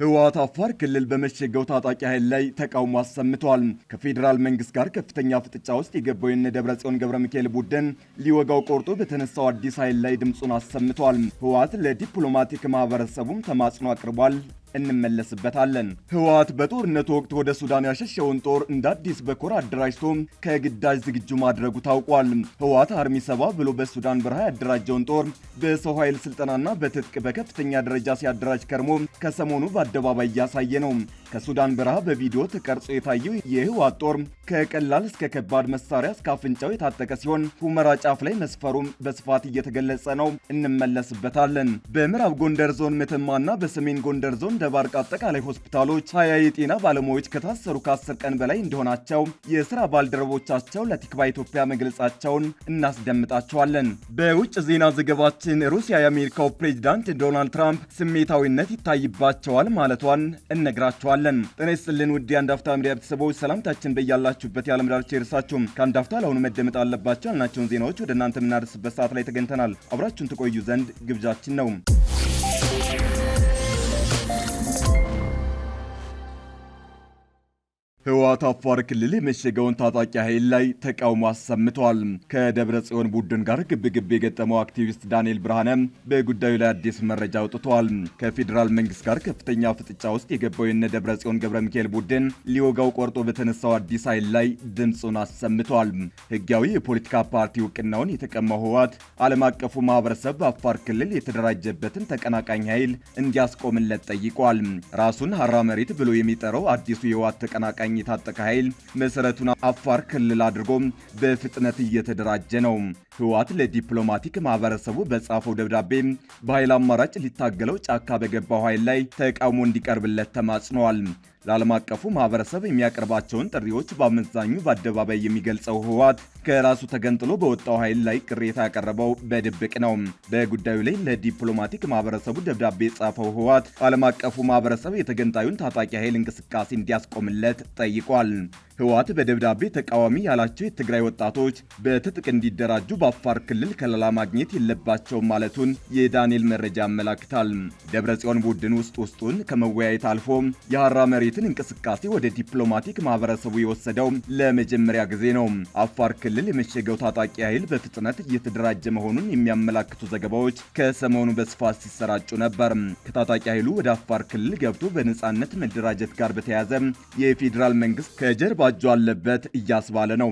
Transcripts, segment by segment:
ህወሓት አፋር ክልል በመሸገው ታጣቂ ኃይል ላይ ተቃውሞ አሰምተዋል። ከፌዴራል መንግስት ጋር ከፍተኛ ፍጥጫ ውስጥ የገባው የነ ጽዮን ገብረ ሚካኤል ቡድን ሊወጋው ቆርጦ በተነሳው አዲስ ኃይል ላይ ድምፁን አሰምተዋል። ህወሓት ለዲፕሎማቲክ ማህበረሰቡም ተማጽኖ አቅርቧል። እንመለስበታለን። ህወሓት በጦርነቱ ወቅት ወደ ሱዳን ያሸሸውን ጦር እንደ አዲስ በኮር አደራጅቶ ከግዳጅ ዝግጁ ማድረጉ ታውቋል። ህወሓት አርሚ ሰባ ብሎ በሱዳን በረሃ ያደራጀውን ጦር በሰው ኃይል ስልጠናና በትጥቅ በከፍተኛ ደረጃ ሲያደራጅ ከርሞ ከሰሞኑ በአደባባይ እያሳየ ነው። ከሱዳን በረሃ በቪዲዮ ተቀርጾ የታየው የህወሓት ጦር ከቀላል እስከ ከባድ መሳሪያ እስከ አፍንጫው የታጠቀ ሲሆን ሁመራ ጫፍ ላይ መስፈሩም በስፋት እየተገለጸ ነው። እንመለስበታለን። በምዕራብ ጎንደር ዞን መተማና በሰሜን ጎንደር ዞን ደባርቅ አጠቃላይ ሆስፒታሎች ሀያ የጤና ባለሙያዎች ከታሰሩ ከአስር ቀን በላይ እንደሆናቸው የስራ ባልደረቦቻቸው ለቲክባ ኢትዮጵያ መግለጻቸውን እናስደምጣቸዋለን። በውጭ ዜና ዘገባችን ሩሲያ የአሜሪካው ፕሬዚዳንት ዶናልድ ትራምፕ ስሜታዊነት ይታይባቸዋል ማለቷን እነግራቸዋለን። ጤና ይስጥልን ውድ የአንድ አፍታ ሚዲያ ቤተሰቦች ሰላምታችን በያላችሁበት የዓለም ዳርቻ ይድረሳችሁ። ከአንድ አፍታ ለአሁኑ መደመጥ አለባቸው ያልናቸውን ዜናዎች ወደ እናንተ የምናደርስበት ሰዓት ላይ ተገኝተናል። አብራችሁን ተቆዩ ዘንድ ግብዣችን ነው። ህወሓት አፋር ክልል የመሸገውን ታጣቂ ኃይል ላይ ተቃውሞ አሰምቷል። ከደብረ ጽዮን ቡድን ጋር ግብግብ የገጠመው አክቲቪስት ዳንኤል ብርሃነ በጉዳዩ ላይ አዲስ መረጃ አውጥተዋል። ከፌዴራል መንግስት ጋር ከፍተኛ ፍጥጫ ውስጥ የገባው የነ ደብረ ጽዮን ገብረ ሚካኤል ቡድን ሊወጋው ቆርጦ በተነሳው አዲስ ኃይል ላይ ድምፁን አሰምተዋል። ህጋዊ የፖለቲካ ፓርቲ እውቅናውን የተቀማው ህወሓት ዓለም አቀፉ ማህበረሰብ በአፋር ክልል የተደራጀበትን ተቀናቃኝ ኃይል እንዲያስቆምለት ጠይቋል። ራሱን ሀራ መሬት ብሎ የሚጠራው አዲሱ የህወሓት ተቀናቃኝ የታጠቀ ኃይል መሰረቱን አፋር ክልል አድርጎ በፍጥነት እየተደራጀ ነው። ህወሓት ለዲፕሎማቲክ ማህበረሰቡ በጻፈው ደብዳቤ በኃይል አማራጭ ሊታገለው ጫካ በገባው ኃይል ላይ ተቃውሞ እንዲቀርብለት ተማጽኗል። ለዓለም አቀፉ ማህበረሰብ የሚያቀርባቸውን ጥሪዎች በአመዛኙ በአደባባይ የሚገልጸው ህወሓት ከራሱ ተገንጥሎ በወጣው ኃይል ላይ ቅሬታ ያቀረበው በድብቅ ነው። በጉዳዩ ላይ ለዲፕሎማቲክ ማህበረሰቡ ደብዳቤ የጻፈው ህወሓት ዓለም አቀፉ ማህበረሰብ የተገንጣዩን ታጣቂ ኃይል እንቅስቃሴ እንዲያስቆምለት ጠይቋል። ህወሓት በደብዳቤ ተቃዋሚ ያላቸው የትግራይ ወጣቶች በትጥቅ እንዲደራጁ በአፋር ክልል ከለላ ማግኘት የለባቸውም ማለቱን የዳንኤል መረጃ ያመላክታል። ደብረጽዮን ቡድን ውስጥ ውስጡን ከመወያየት አልፎ የሐራ መሬትን እንቅስቃሴ ወደ ዲፕሎማቲክ ማህበረሰቡ የወሰደው ለመጀመሪያ ጊዜ ነው። አፋር ክልል የመሸገው ታጣቂ ኃይል በፍጥነት እየተደራጀ መሆኑን የሚያመላክቱ ዘገባዎች ከሰሞኑ በስፋት ሲሰራጩ ነበር። ከታጣቂ ኃይሉ ወደ አፋር ክልል ገብቶ በነጻነት መደራጀት ጋር በተያያዘ የፌዴራል መንግስት ከጀርባ መዋጆ አለበት እያስባለ ነው።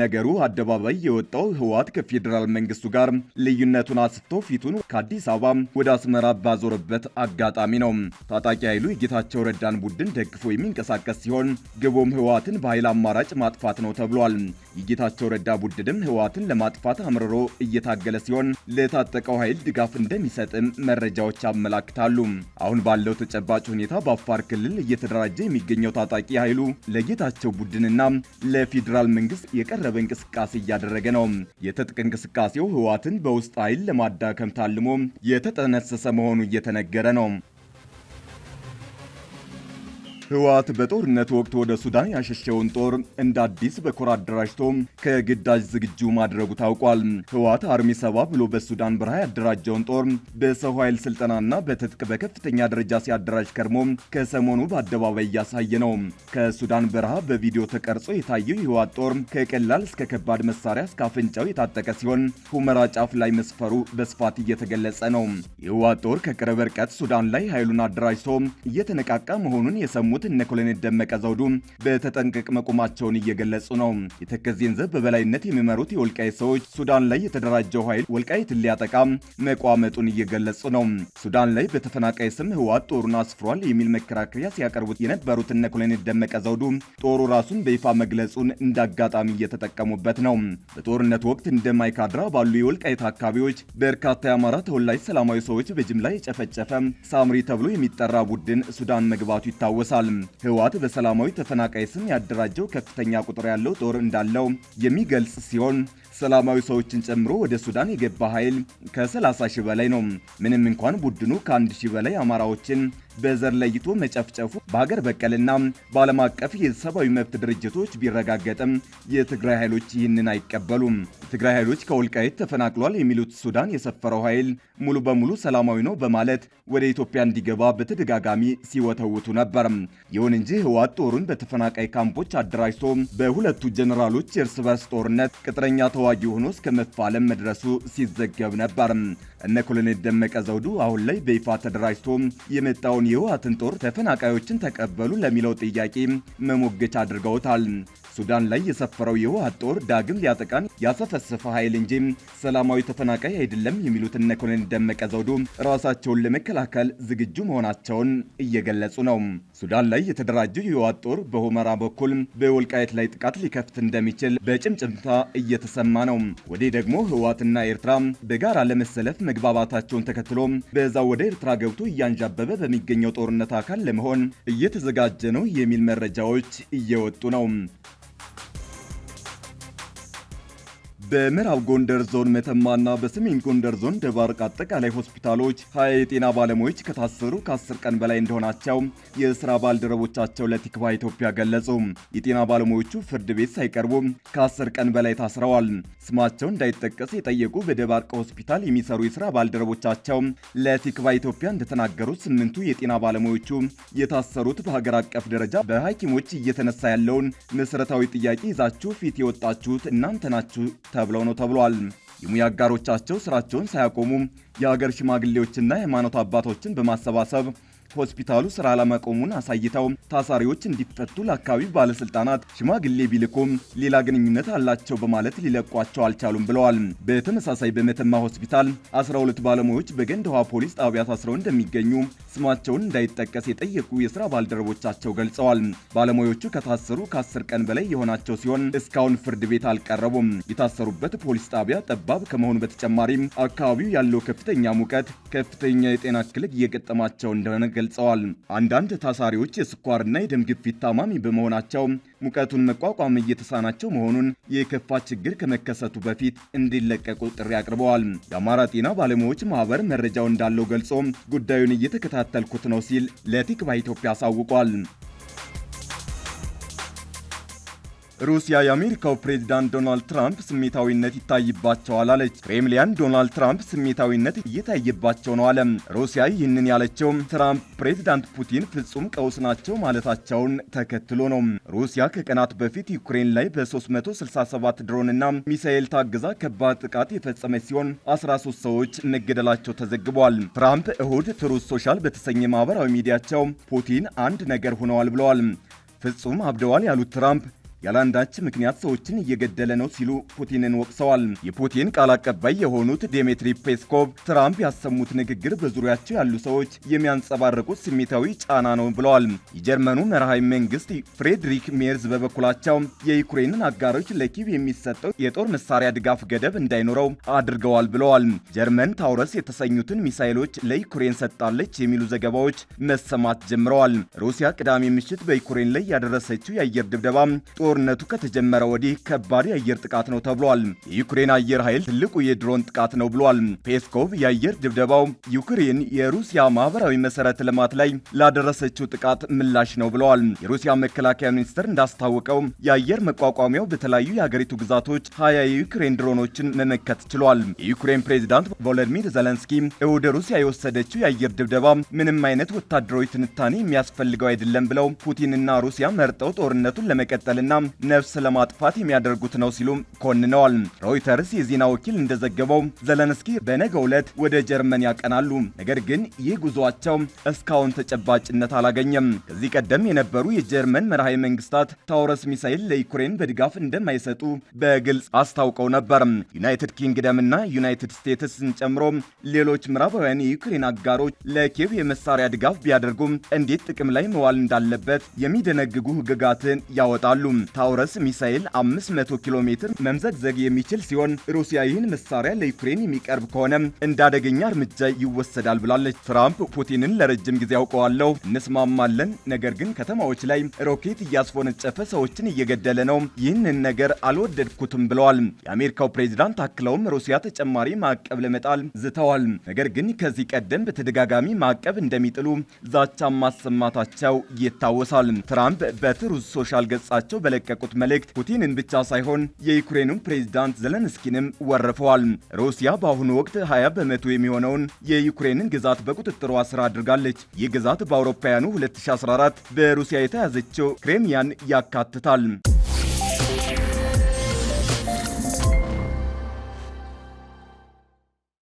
ነገሩ አደባባይ የወጣው ህወሓት ከፌዴራል መንግስቱ ጋር ልዩነቱን አስቶ ፊቱን ከአዲስ አበባ ወደ አስመራ ባዞረበት አጋጣሚ ነው። ታጣቂ ኃይሉ የጌታቸው ረዳን ቡድን ደግፎ የሚንቀሳቀስ ሲሆን ግቦም ህወሓትን በኃይል አማራጭ ማጥፋት ነው ተብሏል። የጌታቸው ረዳ ቡድንም ህወሓትን ለማጥፋት አምርሮ እየታገለ ሲሆን ለታጠቀው ኃይል ድጋፍ እንደሚሰጥም መረጃዎች ያመላክታሉ። አሁን ባለው ተጨባጭ ሁኔታ በአፋር ክልል እየተደራጀ የሚገኘው ታጣቂ ኃይሉ ለጌታቸው ቡድን ቡድንና ለፌዴራል መንግስት የቀረበ እንቅስቃሴ እያደረገ ነው። የትጥቅ እንቅስቃሴው ህወሓትን በውስጥ ኃይል ለማዳከም ታልሞ የተጠነሰሰ መሆኑ እየተነገረ ነው። ህወሓት በጦርነት ወቅት ወደ ሱዳን ያሸሸውን ጦር እንደ አዲስ በኮር አደራጅቶ ከግዳጅ ዝግጁ ማድረጉ ታውቋል። ህወሓት አርሚ ሰባ ብሎ በሱዳን በረሃ ያደራጀውን ጦር በሰው ኃይል ስልጠናና በትጥቅ በከፍተኛ ደረጃ ሲያደራጅ ከርሞ ከሰሞኑ በአደባባይ እያሳየ ነው። ከሱዳን በረሃ በቪዲዮ ተቀርጾ የታየው የህወሓት ጦር ከቀላል እስከ ከባድ መሳሪያ እስከ አፍንጫው የታጠቀ ሲሆን ሁመራ ጫፍ ላይ መስፈሩ በስፋት እየተገለጸ ነው። የህወሓት ጦር ከቅርብ ርቀት ሱዳን ላይ ኃይሉን አደራጅቶ እየተነቃቃ መሆኑን የሰሙ የሚያስፈጽሙት እነ ኮሎኔል ደመቀ ዘውዱ በተጠንቀቅ መቆማቸውን እየገለጹ ነው። የተከዜን ዘብ በበላይነት የሚመሩት የወልቃይት ሰዎች ሱዳን ላይ የተደራጀው ኃይል ወልቃይትን ሊያጠቃ መቋመጡን እየገለጹ ነው። ሱዳን ላይ በተፈናቃይ ስም ህወሓት ጦሩን አስፍሯል የሚል መከራከሪያ ሲያቀርቡት የነበሩት እነ ኮሎኔል ደመቀ ዘውዱ ጦሩ ራሱን በይፋ መግለጹን እንዳጋጣሚ እየተጠቀሙበት ነው። በጦርነት ወቅት እንደማይካድራ ባሉ የወልቃይት አካባቢዎች በርካታ የአማራ ተወላጅ ሰላማዊ ሰዎች በጅምላ የጨፈጨፈ ሳምሪ ተብሎ የሚጠራ ቡድን ሱዳን መግባቱ ይታወሳል። ተናግረዋል። ህወሓት በሰላማዊ ተፈናቃይ ስም ያደራጀው ከፍተኛ ቁጥር ያለው ጦር እንዳለው የሚገልጽ ሲሆን ሰላማዊ ሰዎችን ጨምሮ ወደ ሱዳን የገባ ኃይል ከ30 ሺህ በላይ ነው። ምንም እንኳን ቡድኑ ከ1 ሺህ በላይ አማራዎችን በዘር ለይቶ መጨፍጨፉ በሀገር በቀልና በዓለም አቀፍ የሰብአዊ መብት ድርጅቶች ቢረጋገጥም የትግራይ ኃይሎች ይህንን አይቀበሉም። ትግራይ ኃይሎች ከወልቃይት ተፈናቅሏል የሚሉት ሱዳን የሰፈረው ኃይል ሙሉ በሙሉ ሰላማዊ ነው በማለት ወደ ኢትዮጵያ እንዲገባ በተደጋጋሚ ሲወተውቱ ነበር። ይሁን እንጂ ህወሓት ጦሩን በተፈናቃይ ካምፖች አደራጅቶ በሁለቱ ጀኔራሎች የእርስ በርስ ጦርነት ቅጥረኛ ተዋጊ ሆኖ እስከ መፋለም መድረሱ ሲዘገብ ነበር። እነ ኮሎኔል ደመቀ ዘውዱ አሁን ላይ በይፋ ተደራጅቶ የመጣውን የመጣውን የህወሓትን ጦር ተፈናቃዮችን ተቀበሉ ለሚለው ጥያቄ መሞገቻ አድርገውታል። ሱዳን ላይ የሰፈረው የህወሓት ጦር ዳግም ሊያጠቃን ያሰፈሰፈ ኃይል እንጂ ሰላማዊ ተፈናቃይ አይደለም የሚሉት እነ ኮሎኔል ደመቀ ዘውዱ ራሳቸውን ለመከላከል ዝግጁ መሆናቸውን እየገለጹ ነው። ሱዳን ላይ የተደራጀው የህወሓት ጦር በሁመራ በኩል በወልቃየት ላይ ጥቃት ሊከፍት እንደሚችል በጭምጭምታ እየተሰማ ነው። ወዲህ ደግሞ ህወሓትና ኤርትራ በጋራ ለመሰለፍ መግባባታቸውን ተከትሎ በዛው ወደ ኤርትራ ገብቶ እያንዣበበ በሚገ የሚገኘው ጦርነት አካል ለመሆን እየተዘጋጀ ነው የሚል መረጃዎች እየወጡ ነው። በምዕራብ ጎንደር ዞን መተማና በሰሜን ጎንደር ዞን ደባርቅ አጠቃላይ ሆስፒታሎች ሀያ የጤና ባለሙያዎች ከታሰሩ ከአስር ቀን በላይ እንደሆናቸው የስራ ባልደረቦቻቸው ለቲክቫ ኢትዮጵያ ገለጹ። የጤና ባለሙያዎቹ ፍርድ ቤት ሳይቀርቡ ከአስር ቀን በላይ ታስረዋል። ስማቸው እንዳይጠቀስ የጠየቁ በደባርቅ ሆስፒታል የሚሰሩ የስራ ባልደረቦቻቸው ለቲክቫ ኢትዮጵያ እንደተናገሩት ስምንቱ የጤና ባለሙያዎቹ የታሰሩት በሀገር አቀፍ ደረጃ በሐኪሞች እየተነሳ ያለውን መሰረታዊ ጥያቄ ይዛችሁ ፊት የወጣችሁት እናንተ ናችሁ ተብለው ነው ተብሏል። የሙያ አጋሮቻቸው ስራቸውን ሳያቆሙ የአገር ሽማግሌዎችና የሃይማኖት አባቶችን በማሰባሰብ ሆስፒታሉ ስራ አለመቆሙን አሳይተው ታሳሪዎች እንዲፈቱ ለአካባቢ ባለስልጣናት ሽማግሌ ቢልኩም ሌላ ግንኙነት አላቸው በማለት ሊለቋቸው አልቻሉም ብለዋል። በተመሳሳይ በመተማ ሆስፒታል 12 ባለሙያዎች በገንደ ውሃ ፖሊስ ጣቢያ ታስረው እንደሚገኙ ስማቸውን እንዳይጠቀስ የጠየቁ የስራ ባልደረቦቻቸው ገልጸዋል። ባለሙያዎቹ ከታሰሩ ከ10 ቀን በላይ የሆናቸው ሲሆን እስካሁን ፍርድ ቤት አልቀረቡም። የታሰሩበት ፖሊስ ጣቢያ ጠባብ ከመሆኑ በተጨማሪም አካባቢው ያለው ከፍተኛ ሙቀት ከፍተኛ የጤና እክል እየገጠማቸው እንደሆነ ገልጸዋል። አንዳንድ ታሳሪዎች የስኳርና የደም ግፊት ታማሚ በመሆናቸው ሙቀቱን መቋቋም እየተሳናቸው መሆኑን የከፋ ችግር ከመከሰቱ በፊት እንዲለቀቁ ጥሪ አቅርበዋል። የአማራ ጤና ባለሙያዎች ማህበር መረጃው እንዳለው ገልጾ ጉዳዩን እየተከታተልኩት ነው ሲል ለቲክባ ኢትዮጵያ አሳውቋል። ሩሲያ የአሜሪካው ፕሬዚዳንት ዶናልድ ትራምፕ ስሜታዊነት ይታይባቸዋል አለች። ክሬምሊያን ዶናልድ ትራምፕ ስሜታዊነት እየታየባቸው ነው አለ። ሩሲያ ይህንን ያለችው ትራምፕ ፕሬዚዳንት ፑቲን ፍጹም ቀውስ ናቸው ማለታቸውን ተከትሎ ነው። ሩሲያ ከቀናት በፊት ዩክሬን ላይ በ367 ድሮንና ሚሳኤል ታግዛ ከባድ ጥቃት የፈጸመች ሲሆን 13 ሰዎች መገደላቸው ተዘግቧል። ትራምፕ እሁድ ትሩዝ ሶሻል በተሰኘ ማህበራዊ ሚዲያቸው ፑቲን አንድ ነገር ሆነዋል ብለዋል። ፍጹም አብደዋል ያሉት ትራምፕ ያላንዳች ምክንያት ሰዎችን እየገደለ ነው ሲሉ ፑቲንን ወቅሰዋል። የፑቲን ቃል አቀባይ የሆኑት ዴሜትሪ ፔስኮቭ ትራምፕ ያሰሙት ንግግር በዙሪያቸው ያሉ ሰዎች የሚያንጸባርቁት ስሜታዊ ጫና ነው ብለዋል። የጀርመኑ መርሃዊ መንግስት ፍሬድሪክ ሜርዝ በበኩላቸው የዩክሬንን አጋሮች ለኪቭ የሚሰጠው የጦር መሳሪያ ድጋፍ ገደብ እንዳይኖረው አድርገዋል ብለዋል። ጀርመን ታውረስ የተሰኙትን ሚሳይሎች ለዩክሬን ሰጣለች የሚሉ ዘገባዎች መሰማት ጀምረዋል። ሩሲያ ቅዳሜ ምሽት በዩክሬን ላይ ያደረሰችው የአየር ድብደባ ጦር ጦርነቱ ከተጀመረ ወዲህ ከባድ የአየር ጥቃት ነው ተብሏል። የዩክሬን አየር ኃይል ትልቁ የድሮን ጥቃት ነው ብሏል። ፔስኮቭ የአየር ድብደባው ዩክሬን የሩሲያ ማህበራዊ መሰረተ ልማት ላይ ላደረሰችው ጥቃት ምላሽ ነው ብለዋል። የሩሲያ መከላከያ ሚኒስቴር እንዳስታወቀው የአየር መቋቋሚያው በተለያዩ የሀገሪቱ ግዛቶች ሀያ የዩክሬን ድሮኖችን መመከት ችሏል። የዩክሬን ፕሬዚዳንት ቮሎዲሚር ዘለንስኪ ወደ ሩሲያ የወሰደችው የአየር ድብደባ ምንም አይነት ወታደራዊ ትንታኔ የሚያስፈልገው አይደለም ብለው ፑቲንና ሩሲያ መርጠው ጦርነቱን ለመቀጠልና ነፍስ ለማጥፋት የሚያደርጉት ነው ሲሉ ኮንነዋል። ሮይተርስ የዜና ወኪል እንደዘገበው ዘለንስኪ በነገ ዕለት ወደ ጀርመን ያቀናሉ። ነገር ግን ይህ ጉዟቸው እስካሁን ተጨባጭነት አላገኘም። ከዚህ ቀደም የነበሩ የጀርመን መርሃዊ መንግስታት ታውረስ ሚሳይል ለዩክሬን በድጋፍ እንደማይሰጡ በግልጽ አስታውቀው ነበር። ዩናይትድ ኪንግደም እና ዩናይትድ ስቴትስን ጨምሮ ሌሎች ምዕራባውያን የዩክሬን አጋሮች ለኪየቭ የመሳሪያ ድጋፍ ቢያደርጉም እንዴት ጥቅም ላይ መዋል እንዳለበት የሚደነግጉ ህግጋትን ያወጣሉ። ታውረስ ሚሳኤል 500 ኪሎ ሜትር መምዘግዘግ የሚችል ሲሆን ሩሲያ ይህን መሳሪያ ለዩክሬን የሚቀርብ ከሆነ እንደ አደገኛ እርምጃ ይወሰዳል ብላለች። ትራምፕ ፑቲንን ለረጅም ጊዜ አውቀዋለሁ፣ እንስማማለን፣ ነገር ግን ከተማዎች ላይ ሮኬት እያስፎነጨፈ ሰዎችን እየገደለ ነው፣ ይህንን ነገር አልወደድኩትም ብለዋል። የአሜሪካው ፕሬዚዳንት አክለውም ሩሲያ ተጨማሪ ማዕቀብ ለመጣል ዝተዋል። ነገር ግን ከዚህ ቀደም በተደጋጋሚ ማዕቀብ እንደሚጥሉ ዛቻ ማሰማታቸው ይታወሳል። ትራምፕ በትሩዝ ሶሻል ገጻቸው በለቀቁት መልእክት ፑቲንን ብቻ ሳይሆን የዩክሬኑን ፕሬዝዳንት ዘለንስኪንም ወርፈዋል። ሩሲያ በአሁኑ ወቅት 20 በመቶ የሚሆነውን የዩክሬንን ግዛት በቁጥጥሯ ስር አድርጋለች። ይህ ግዛት በአውሮፓውያኑ 2014 በሩሲያ የተያዘችው ክሬሚያን ያካትታል።